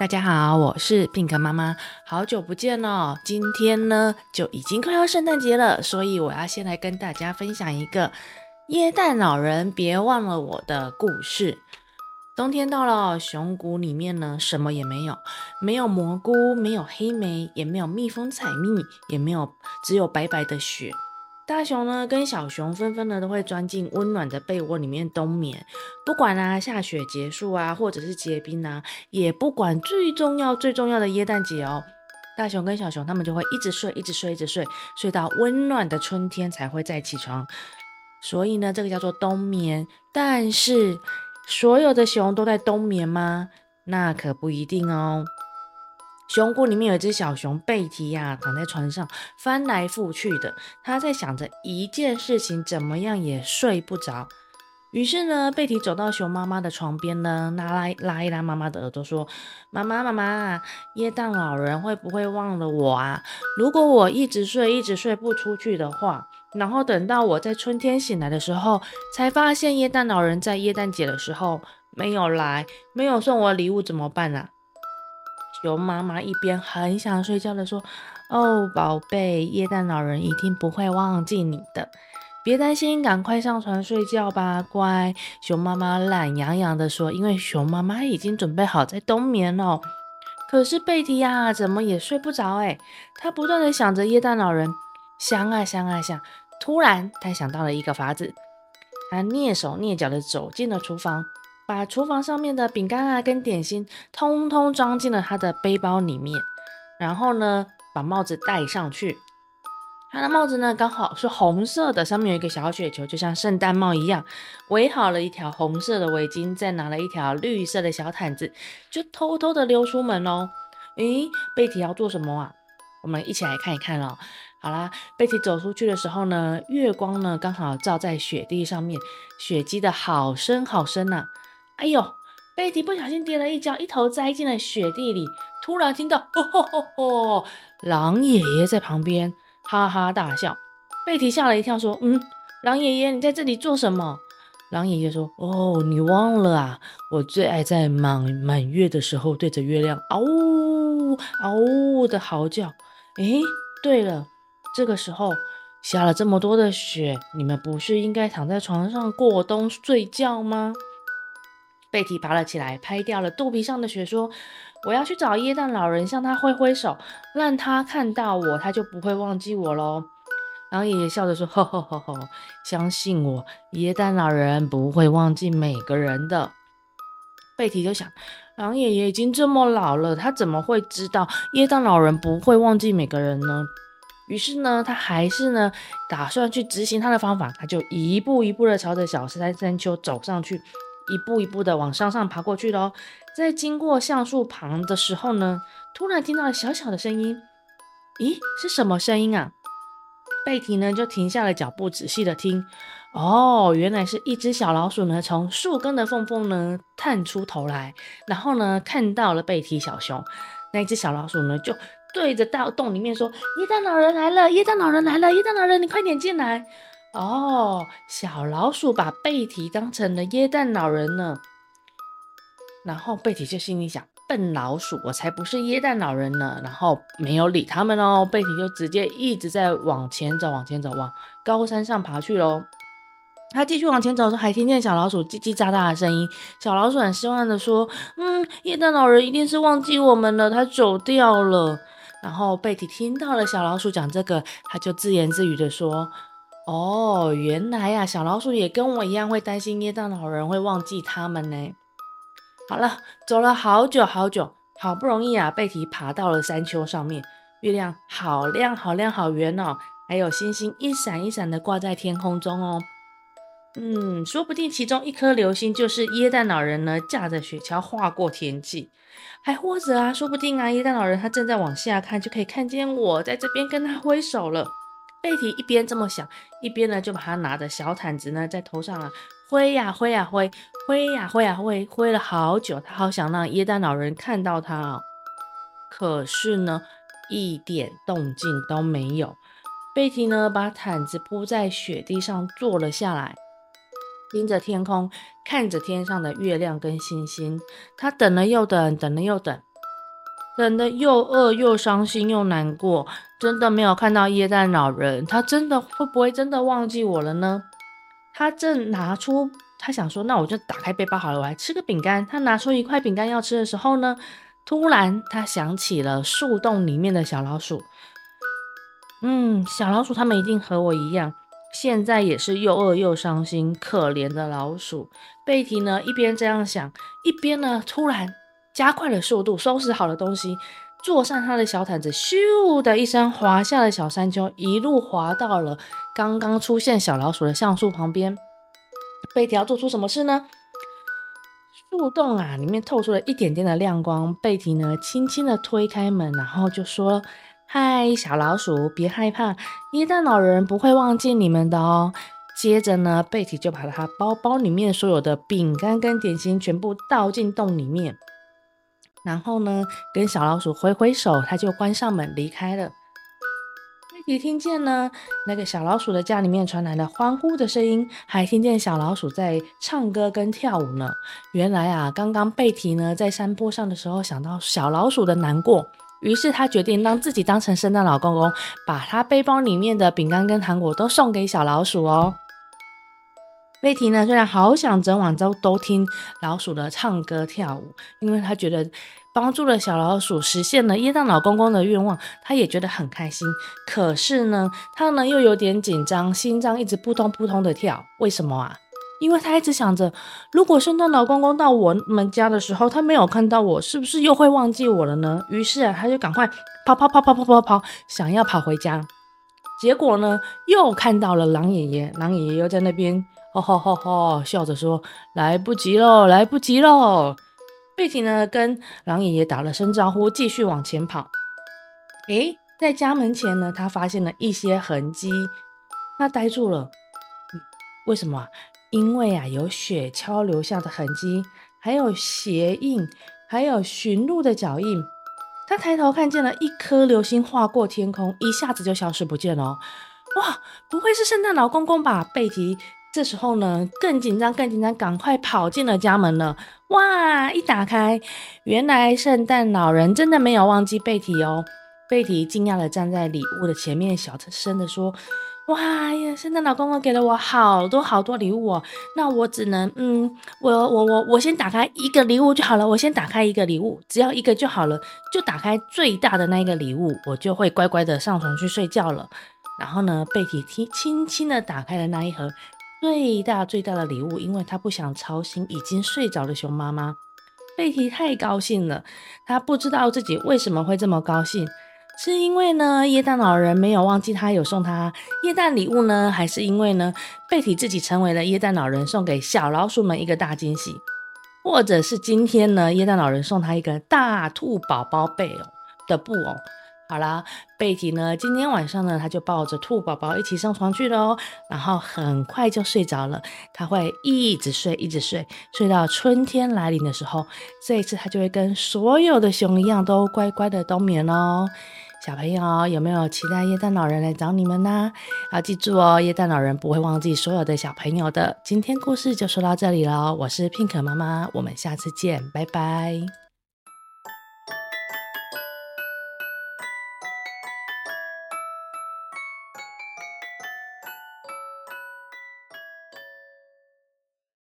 大家好，我是 pink 媽媽，好久不見嘍！今天呢，就已經快要聖誕節了，所以我要先來跟大家分享一個《耶誕老人別忘了我》的故事。冬天到了，熊谷裡面呢，什麼也沒有，沒有蘑菇，沒有黑莓，也沒有蜜蜂採蜜，也沒有，只有白白的雪。大熊呢，跟小熊紛紛呢，都會鑽進溫暖的被窩裡面冬眠，不管啊下雪結束啊，或者是結冰啊，也不管最重要最重要的耶誕節哦。大熊跟小熊他們就會一直睡，一直睡，一直睡，睡到溫暖的春天才會再起床。所以呢，這個叫做冬眠。但是，所有的熊都在冬眠嗎？那可不一定哦。熊谷裡面有一隻小熊貝堤呀、啊，躺在床上翻來覆去的，它在想着一件事情，怎麼樣也睡不着。於是呢，貝堤走到熊媽媽的床邊呢，拉來拉一拉媽媽的耳朵，說：“媽媽，媽媽，耶誕老人會不會忘了我啊？如果我一直睡，一直睡不出去的話，然後等到我在春天醒來的時候，才發現耶誕老人在耶誕節的時候沒有來，沒有送我禮物，怎麼辦啊？”熊媽媽一邊很想睡覺的說：“哦，寶貝，耶誕老人一定不會忘記你的，別擔心，趕快上床睡覺吧，乖。”熊媽媽懶洋洋的說：“因為熊媽媽已經準備好在冬眠了、哦。”可是貝蒂亞、啊、怎麼也睡不着哎、欸，他不斷的想着耶誕老人，想啊想啊想，突然他想到了一個法子，他躡手躡腳的走進了廚房。把廚房上面的餅乾啊跟點心通通裝進了他的背包裡面，然後呢，把帽子戴上去。他的帽子呢剛好是紅色的，上面有一個小雪球，就像聖誕帽一樣。圍好了一條紅色的圍巾，再拿了一條綠色的小毯子，就偷偷的溜出門嘍。誒，貝堤要做什麼啊？我們一起來看一看嘍。好啦，貝堤走出去的時候呢，月光呢剛好照在雪地上面，雪積得好深好深吶。哎呦，貝蒂不小心跌了一跤，一頭栽進了雪地裡。突然聽到，哦吼吼吼，狼爺爺在旁邊哈哈大笑。貝蒂嚇了一跳，說：“嗯，狼爺爺，你在這裡做什麼？”狼爺爺說：“哦，你忘了啊，我最愛在滿滿月的時候對着月亮，嗷嗚嗷嗚的嚎叫。誒，對了，這個時候下了這麼多的雪，你們不是應該躺在床上過冬睡覺嗎？”貝堤爬了起來，拍掉了肚皮上的雪，說：“我要去找耶誕老人，向他揮揮手，讓他看到我，他就不會忘記我嘍。”狼爺爺笑着說：“哈哈哈哈，相信我，耶誕老人不會忘記每個人的。”貝堤就想，狼爺爺已經這麼老了，他怎麼會知道耶誕老人不會忘記每個人呢？於是呢，他還是呢，打算去執行他的方法，他就一步一步的朝着小山丘走上去。一步一步的往山上上爬過去咯。在經過橡樹旁的時候呢，突然聽到了小小的聲音，咦，是什麼聲音啊？貝堤呢就停下了腳步，仔細的聽。哦，原來是一隻小老鼠呢，從樹根的縫縫呢探出頭來，然後呢看到了貝堤小熊，那隻小老鼠呢就對着大洞裡面說：“耶誕老人來了，耶誕老人來了，耶誕老人，你快點進來。”哦，小老鼠把貝堤當成了耶誕老人呢。然後貝堤就心裡想：“笨老鼠，我才不是耶誕老人呢。”然後沒有理他們哦。貝堤就直接一直在往前走，往前走，往高山上爬去嘍。他繼續往前走的時候，還聽見小老鼠嘰嘰喳喳的聲音。小老鼠很失望的說：“嗯，耶誕老人一定是忘記我們了，他走掉了。”然後貝堤聽到了小老鼠講這個，他就自言自語的說。哦，原來呀、啊，小老鼠也跟我一樣會擔心耶誕老人會忘記他們呢。好了，走了好久好久，好不容易啊，貝堤爬到了山丘上面。月亮好亮好亮好圓哦，還有星星一閃一閃的掛在天空中哦。嗯，說不定其中一顆流星就是耶誕老人呢，駕着雪橇劃過天際，還、哎、或者啊，說不定啊，耶誕老人他正在往下看，就可以看見我在這邊跟他揮手了。貝蒂一邊這麼想，一邊呢就把它拿着小毯子呢在頭上啊揮呀揮呀揮揮呀揮呀揮，揮了好久，他好想讓耶誕老人看到他哦。可是呢一點動靜都沒有。貝蒂呢把毯子鋪在雪地上，坐了下來，盯着天空，看着天上的月亮跟星星，他等了又等，等了又等。冷的又餓又傷心又難過，真的沒有看到耶誕老人，他真的會不會真的忘記我了呢？他正拿出，他想說，那我就打開背包好了，我來吃個餅乾。他拿出一塊餅乾要吃的時候呢，突然他想起了樹洞裡面的小老鼠，嗯，小老鼠他們一定和我一樣，現在也是又餓又傷心，可憐的老鼠。貝堤呢一邊這樣想，一邊呢突然。加快了速度，收拾好了東西，坐上他的小毯子，咻的一聲滑下了小山丘，一路滑到了剛剛出現小老鼠的橡樹旁邊。貝堤要做出什麼事呢？樹洞啊，裡面透出了一點點的亮光。貝堤呢，輕輕的推開門，然後就說：“嗨，小老鼠，別害怕，耶誕老人不會忘記你們的哦。”接着呢，貝堤就把他包包裡面所有的餅乾跟點心全部倒進洞裡面。然後呢，跟小老鼠揮揮手，他就關上門離開了。貝堤聽見呢，那個小老鼠的家裡面傳來了歡呼的聲音，還聽見小老鼠在唱歌跟跳舞呢。原來啊，剛剛貝堤呢，在山坡上的時候想到小老鼠的難過，於是他決定讓自己當成聖誕老公公，把他背包裡面的餅乾跟糖果都送給小老鼠哦。貝堤呢，雖然好想整晚都都聽老鼠的唱歌跳舞，因為他覺得幫助了小老鼠，實現了耶誕老公公的願望，他也覺得很開心。可是呢，他呢又有點緊張，心臟一直撲通撲通的跳。為什麼啊？因為他一直想着，如果聖誕老公公到我們家的時候，他沒有看到我，是不是又會忘記我了呢？於是啊，他就趕快跑跑跑跑跑跑跑，想要跑回家。結果呢，又看到了狼爺爺，狼爺爺又在那邊。呵呵呵呵，笑着說：“來不及嘍，來不及嘍！”貝堤呢，跟狼爺爺打了聲招呼，繼續往前跑。誒，在家門前呢，他發現了一些痕跡，他呆住了。為什麼啊？因為啊，有雪橇留下的痕跡，還有鞋印，還有馴鹿的腳印。他抬頭看見了一顆流星劃過天空，一下子就消失不見了。哇，不會是聖誕老公公吧？貝堤。這時候呢，更緊張，更緊張，趕快跑進了家門了。哇！一打開，原來聖誕老人真的沒有忘記貝堤哦。貝堤驚訝的站在禮物的前面，小聲的說：“哇呀，聖誕老公公給了我好多好多禮物哦。那我只能，嗯，我我我我先打開一個禮物就好了。我先打開一個禮物，只要一個就好了。就打開最大的那個禮物，我就會乖乖的上床去睡覺了。然後呢，貝堤輕輕輕的打開了那一盒。”最大最大的禮物，因為他不想吵醒已經睡着的熊媽媽。貝堤太高興了，他不知道自己為什麼會這麼高興，是因為呢？耶誕老人沒有忘記他有送他耶誕禮物呢？還是因為呢？貝堤自己成為了耶誕老人送給小老鼠們一個大驚喜，或者是今天呢？耶誕老人送他一個大兔寶寶貝哦的布偶喔。好啦，貝堤呢，今天晚上呢，他就抱着兔寶寶一起上床去咯。然後很快就睡着了。他會一直睡，一直睡，睡到春天來臨的時候，這一次他就會跟所有的熊一樣，都乖乖的冬眠哦。小朋友有沒有期待耶誕老人來找你們呢？要、啊、記住哦，耶誕老人不會忘記所有的小朋友的。今天故事就說到這裡咯，我是 Pink 媽媽，我們下次見，拜拜。